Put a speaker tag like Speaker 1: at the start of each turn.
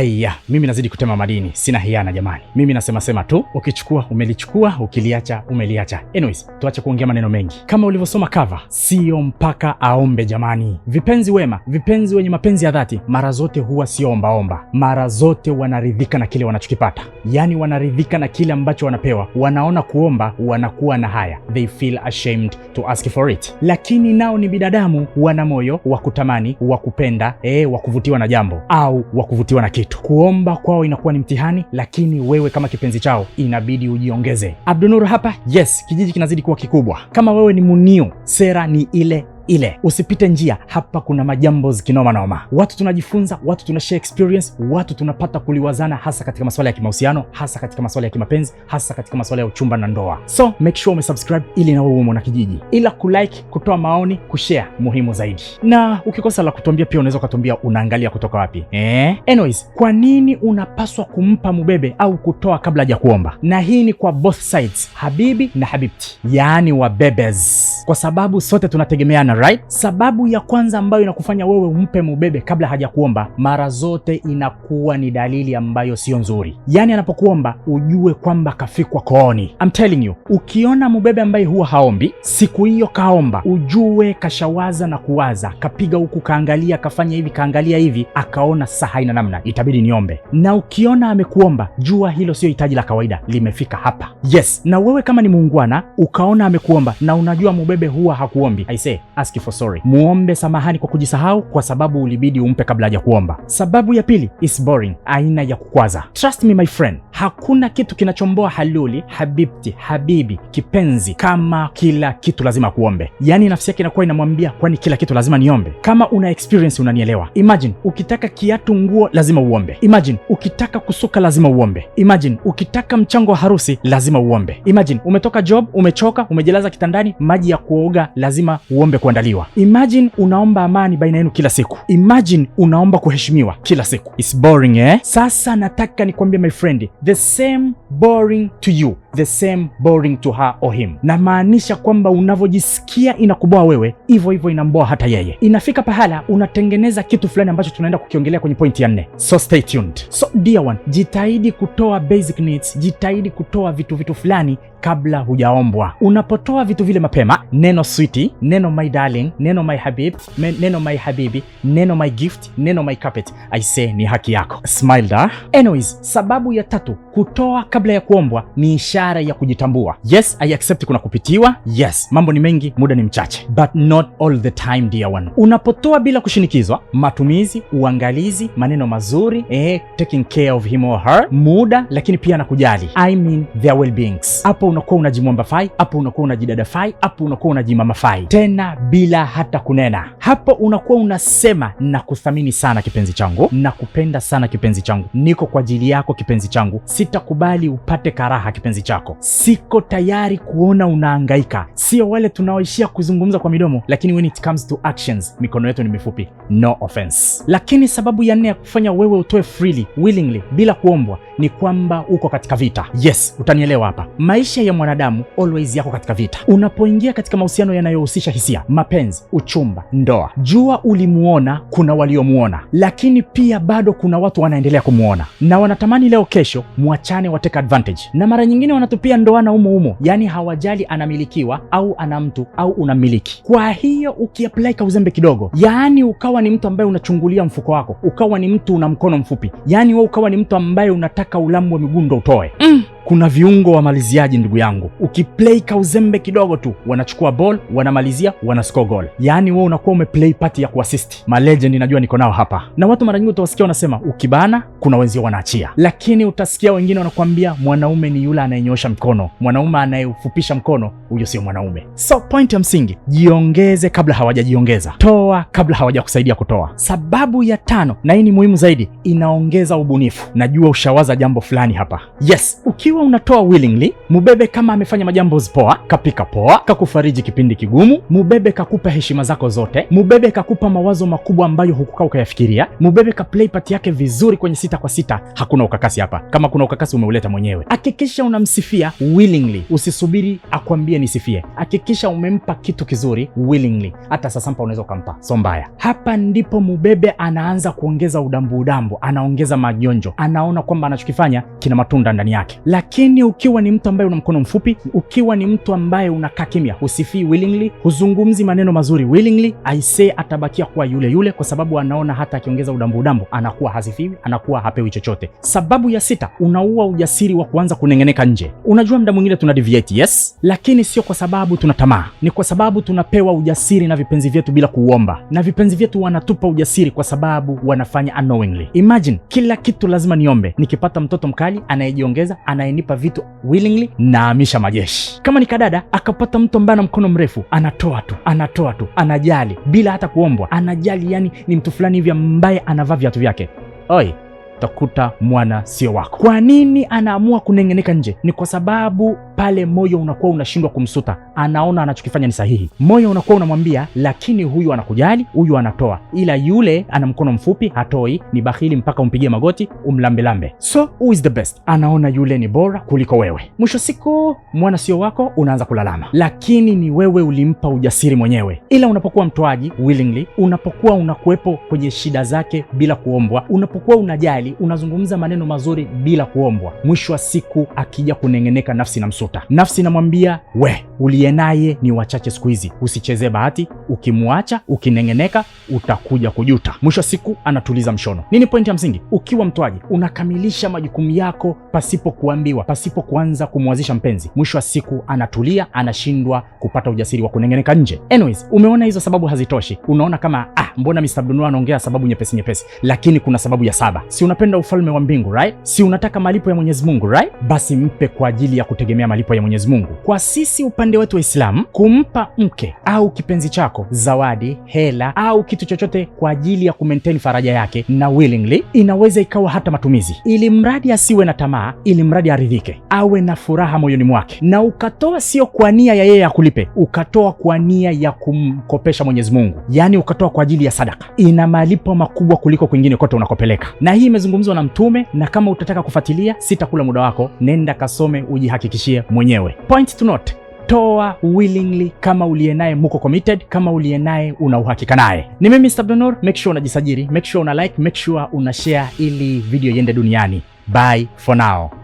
Speaker 1: Aya, mimi nazidi kutema madini, sina hiana jamani. Mimi nasema sema tu, ukichukua umelichukua, ukiliacha umeliacha. Anyways, tuache kuongea maneno mengi. Kama ulivyosoma kava, sio mpaka aombe jamani. Vipenzi wema, vipenzi wenye mapenzi ya dhati, mara zote huwa sio ombaomba, mara zote wanaridhika na kile wanachokipata, yaani wanaridhika na kile ambacho wanapewa. Wanaona kuomba wanakuwa na haya, they feel ashamed to ask for it, lakini nao ni binadamu wana moyo wa kutamani, wa kupenda, eh, wa kuvutiwa na jambo au wa kuvutiwa na kitu Kuomba kwao inakuwa ni mtihani, lakini wewe kama kipenzi chao inabidi ujiongeze. Abdunuru hapa, yes, kijiji kinazidi kuwa kikubwa. Kama wewe ni munio, sera ni ile ile, usipite njia. Hapa kuna majambo zikinoma noma, watu tunajifunza, watu tuna share experience, watu tunapata kuliwazana, hasa katika masuala ya kimahusiano, hasa katika masuala ya kimapenzi, hasa katika masuala ya uchumba na ndoa. So make sure umesubscribe ili na wewe mwana kijiji, ila kulike, kutoa maoni, kushare muhimu zaidi, na ukikosa la kutuambia pia unaweza ukatuambia unaangalia kutoka wapi eh? Anyways, kwa nini unapaswa kumpa mubebe au kutoa kabla ya kuomba? Na hii ni kwa both sides, habibi na habibti, yaani wabebes, kwa sababu sote tunategemeana Alright? Sababu ya kwanza ambayo inakufanya wewe umpe mubebe kabla hajakuomba mara zote inakuwa ni dalili ambayo sio nzuri, yaani anapokuomba ujue kwamba kafikwa kooni. I'm telling you, ukiona mubebe ambaye huwa haombi siku hiyo kaomba, ujue kashawaza na kuwaza, kapiga huku, kaangalia, kafanya hivi, kaangalia hivi, akaona saa haina namna, itabidi niombe. Na ukiona amekuomba jua hilo sio hitaji la kawaida, limefika hapa. Yes, na wewe kama ni muungwana ukaona amekuomba na unajua mubebe huwa hakuombi, say, ask for sorry, muombe samahani kwa kujisahau, kwa sababu ulibidi umpe kabla haja kuomba. Sababu ya pili is boring, aina ya kukwaza. Trust me my friend, hakuna kitu kinachomboa haluli, habibti, habibi, kipenzi kama kila kitu lazima kuombe. Yaani nafsi yake inakuwa inamwambia, kwani kila kitu lazima niombe? Kama una experience unanielewa. Imagine ukitaka kiatu, nguo lazima uombe. Imagine ukitaka kusuka lazima uombe. Imagine ukitaka mchango wa harusi lazima uombe. Imagine umetoka job, umechoka, umejilaza kitandani, maji ya kuoga lazima uombe kwa kuandaliwa. Imagine unaomba amani baina yenu kila siku, imagine unaomba kuheshimiwa kila siku. It's boring, eh? Sasa nataka nikwambie my friend, the same boring to you the same boring to her or him. Namaanisha kwamba unavyojisikia inakuboa wewe, hivyo hivyo inamboa hata yeye. Inafika pahala unatengeneza kitu fulani ambacho tunaenda kukiongelea kwenye point ya nne, so stay tuned. So dear one, jitahidi kutoa basic needs, jitahidi kutoa vitu vitu fulani kabla hujaombwa. Unapotoa vitu vile mapema, neno sweetie, neno my darling, neno my habib, neno my habibi, neno my gift, neno my carpet, I say ni haki yako. Smile da. Anyways, sababu ya tatu, kutoa kabla ya kuombwa ni isha ishara ya kujitambua. Yes, I accept kuna kupitiwa. Yes, mambo ni mengi, muda ni mchache, but not all the time dear one. Unapotoa bila kushinikizwa, matumizi, uangalizi, maneno mazuri, eh, taking care of him or her, muda, lakini pia na kujali, I mean their well beings. Hapo unakuwa unajimwambafai, hapo unakuwa unajidadafai, hapo unakuwa unajimamafai, tena bila hata kunena. Hapo unakuwa unasema na kuthamini sana kipenzi changu, na kupenda sana kipenzi changu, niko kwa ajili yako kipenzi changu, sitakubali upate karaha kipenzi changu chako. Siko tayari kuona unaangaika sio wale tunaoishia kuzungumza kwa midomo, lakini when it comes to actions mikono yetu ni mifupi. No offense. Lakini sababu ya nne ya kufanya wewe utoe freely willingly, bila kuombwa ni kwamba uko katika vita. Yes, utanielewa hapa. Maisha ya mwanadamu always yako katika vita. Unapoingia katika mahusiano yanayohusisha hisia, mapenzi, uchumba, ndoa, jua ulimuona, kuna waliomuona, lakini pia bado kuna watu wanaendelea kumuona na wanatamani leo kesho mwachane, take advantage na mara nyingine wanatupia ndoana umo umo yaani hawajali anamilikiwa au ana mtu au unamiliki. Kwa hiyo ukiapply uzembe kidogo, yaani ukawa ni mtu ambaye unachungulia mfuko wako, ukawa ni mtu una mkono mfupi, yaani wewe ukawa ni mtu ambaye unataka ulamu miguu migundo utoe mm kuna viungo wamaliziaji ndugu yangu, ukiplay kauzembe kidogo tu wanachukua ball wanamalizia wanascore goal. Yaani wewe unakuwa umeplay pati ya kuasisti. Malegend najua niko nao hapa, na watu mara nyingi utawasikia wanasema ukibana kuna wenzio wanaachia, lakini utasikia wengine wanakuambia mwanaume ni yule anayenyosha mkono, mwanaume anayeufupisha mkono, huyo sio mwanaume. So point ya msingi, jiongeze kabla hawajajiongeza, toa kabla hawajakusaidia kutoa. Sababu ya tano, na hii ni muhimu zaidi, inaongeza ubunifu. Najua ushawaza jambo fulani hapa. Yes, ukiwa ikiwa unatoa willingly, mubebe kama amefanya majambo poa, kapika poa, kakufariji kipindi kigumu, mubebe kakupa heshima zako zote, mubebe kakupa mawazo makubwa ambayo hukukaa ukayafikiria, mubebe ka play part yake vizuri kwenye sita kwa sita. Hakuna ukakasi hapa, kama kuna ukakasi umeuleta mwenyewe. Hakikisha unamsifia willingly, usisubiri akwambie nisifie. Hakikisha umempa kitu kizuri willingly, hata sasampa unaweza ukampa, so mbaya. Hapa ndipo mubebe anaanza kuongeza udambu udambu, anaongeza majonjo, anaona kwamba anachokifanya kina matunda ndani yake Lakin lakini ukiwa ni mtu ambaye una mkono mfupi, ukiwa ni mtu ambaye unakaa kimya, husifii willingly, huzungumzi maneno mazuri willingly, aisee atabakia kuwa yule yule, kwa sababu anaona hata akiongeza udambu udambu anakuwa hazifiwi, anakuwa hapewi chochote. Sababu ya sita, unaua ujasiri wa kuanza kunengeneka nje. Unajua, mda mwingine tuna deviate, yes, lakini sio kwa sababu tuna tamaa, ni kwa sababu tunapewa ujasiri na vipenzi vyetu bila kuomba, na vipenzi vyetu wanatupa ujasiri kwa sababu wanafanya unknowingly. Imagine kila kitu lazima niombe, nikipata mtoto mkali anayejiongeza anaye anayenipa vitu willingly, naamisha majeshi. Kama ni kadada, akapata mtu ambaye ana mkono mrefu, anatoa tu, anatoa tu, anajali bila hata kuombwa, anajali. Yani ni mtu fulani hivi ambaye anavaa viatu vyake. Oi, takuta mwana sio wako. Kwa nini anaamua kuneng'eneka nje? Ni kwa sababu pale moyo unakuwa unashindwa kumsuta, anaona anachokifanya ni sahihi. Moyo unakuwa unamwambia, lakini huyu anakujali, huyu anatoa, ila yule ana mkono mfupi, hatoi, ni bahili mpaka umpigie magoti umlambelambe. So who is the best? Anaona yule ni bora kuliko wewe. Mwisho siku mwana sio wako, unaanza kulalama, lakini ni wewe ulimpa ujasiri mwenyewe. Ila unapokuwa mtoaji willingly, unapokuwa unakuwepo kwenye shida zake bila kuombwa, unapokuwa unajali, unazungumza maneno mazuri bila kuombwa, mwisho wa siku akija kuneng'eneka nafsi na msuta kumtafuta. Nafsi inamwambia we, uliye naye ni wachache siku hizi, usichezee bahati. Ukimwacha ukineng'eneka, utakuja kujuta. Mwisho wa siku anatuliza mshono. Nini point ya msingi? Ukiwa mtwaji unakamilisha majukumu yako pasipo kuambiwa, pasipo kuanza kumwazisha mpenzi. Mwisho wa siku anatulia, anashindwa kupata ujasiri wa kuneng'eneka nje. Anyways, umeona hizo sababu hazitoshi. Unaona kama ah, mbona Mr. Bruno anaongea sababu nyepesi nyepesi, lakini kuna sababu ya saba. Si unapenda ufalme wa mbingu right? Si unataka malipo ya Mwenyezi Mungu right? Basi mpe kwa ajili ya kutegemea malipo malipo ya Mwenyezi Mungu. Kwa sisi upande wetu wa islam kumpa mke au kipenzi chako zawadi, hela au kitu chochote kwa ajili ya kumaintain faraja yake na willingly, inaweza ikawa hata matumizi, ili mradi asiwe na tamaa, ili mradi aridhike, awe na furaha moyoni mwake, na ukatoa sio kwa nia ya yeye ya kulipe, ukatoa kwa nia ya kumkopesha Mwenyezi Mungu, yaani ukatoa kwa ajili ya sadaka, ina malipo makubwa kuliko kwingine kote unakopeleka, na hii imezungumzwa na Mtume, na kama utataka kufuatilia, sitakula muda wako, nenda kasome, ujihakikishie ujiangalie mwenyewe. Point to note, toa willingly kama uliye naye muko committed, kama uliye naye una uhakika naye. Ni mimi Mr. Abdunnoor, make sure unajisajili, make sure una like, make sure una share ili video iende duniani. Bye for now.